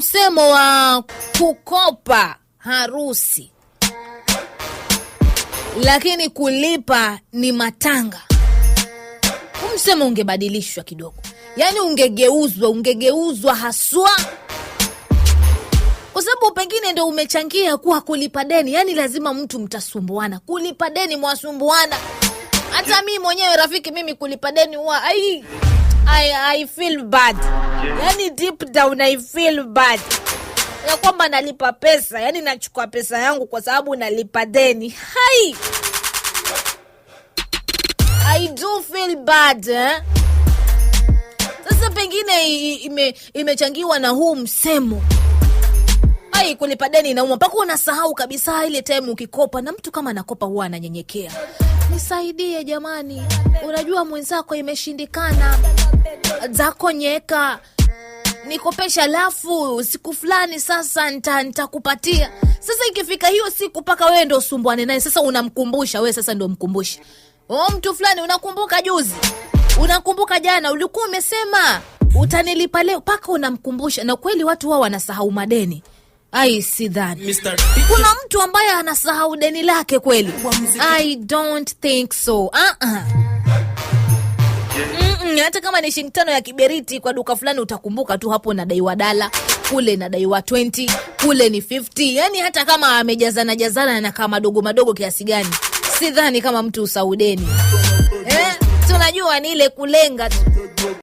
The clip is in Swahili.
msemo wa kukopa harusi, lakini kulipa ni matanga. msemo ungebadilishwa kidogo, yaani ungegeuzwa, ungegeuzwa haswa, kwa sababu pengine ndo umechangia kuwa kulipa deni. Yaani lazima mtu mtasumbuana kulipa deni, mwasumbuana. Hata mii mwenyewe rafiki, mimi kulipa deni huwa ai I, I feel bad, yani deep down I feel bad ya kwamba nalipa pesa, yani nachukua pesa yangu kwa sababu nalipa deni. Hai, I do feel bad eh? Sasa pengine ime, imechangiwa na huu msemo ai, kulipa deni inauma mpaka unasahau kabisa ile time ukikopa na mtu kama anakopa huwa ananyenyekea nisaidie jamani, unajua mwenzako imeshindikana, zako nyeka nikopesha, alafu siku fulani sasa nitakupatia. Sasa ikifika hiyo siku, mpaka wewe ndo usumbwane naye. Sasa unamkumbusha wewe, sasa ndo mkumbusha o mtu fulani, unakumbuka juzi, unakumbuka jana, ulikuwa umesema utanilipa leo, mpaka unamkumbusha. Na kweli watu wao wanasahau madeni. Ai, sidhani kuna mtu ambaye anasahau deni lake kweli. I don't think so. uh -uh. hata kama ni shilingi tano ya kiberiti kwa duka fulani utakumbuka tu hapo nadaiwa dala kule nadaiwa 20 kule ni 50. Yani hata kama amejazana jazana na kama madogo madogo kiasi gani, sidhani kama mtu usaudeni eh, tunajua ni ile kulenga tu.